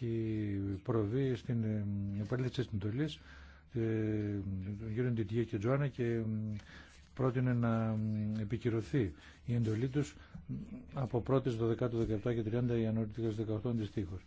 έχει προβεί στην ε, επαλήθευση της εντολή, ε, γύρω Ντιτιέ και Τζοάνα και ε, πρότεινε να επικυρωθεί η εντολή τους από 1η 12 17 και 30 Ιανουαρίου 2018 αντιστοίχως.